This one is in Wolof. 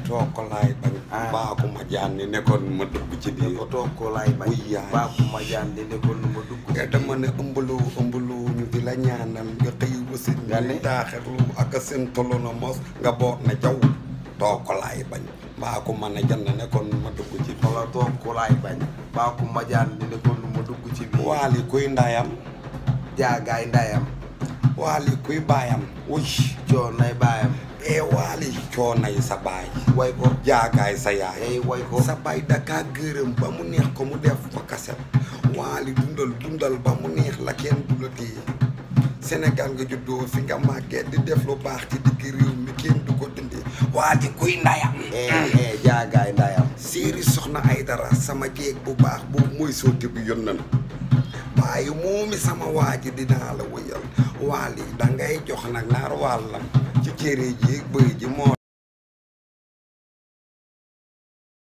toog ko bañ baa ko ma jaan ni nekkoon ma dugg ci biir ko ko laay bañ baa ma ma dugg te eh, dama ne ëmbaloo ëmbaloo ñu di la ñaanal nga xëy wasin nga ne na mos nga boot na bañ baa ko mën a jand nekkoon ma ci biir ko laay bañ baa ko ma jaan ni nekkoon ma dugg waali kuy ndayam jaagaay ndayam waali kuy baayam wuy coonay baayam teewaale coonay sa baay way ko jaagaay sa yaay way ko sa baay dakaa gërëm ba mu neex ko mu def ko kaset waali dundal dundal ba mu neex la kenn du la téye Sénégal nga juddoo fi nga màggee di def lu baax ci digg réew mi kenn du ko dindee waali kuy ndayam jaagaay ndayam séeri soxna ay dara sama jeeg bu baax boobu mooy soote bi yon nan waaye moomi sama waaji dinaa la wëyal waal yi da ngay jox nag naar waal la ci cere ji bëy ji moo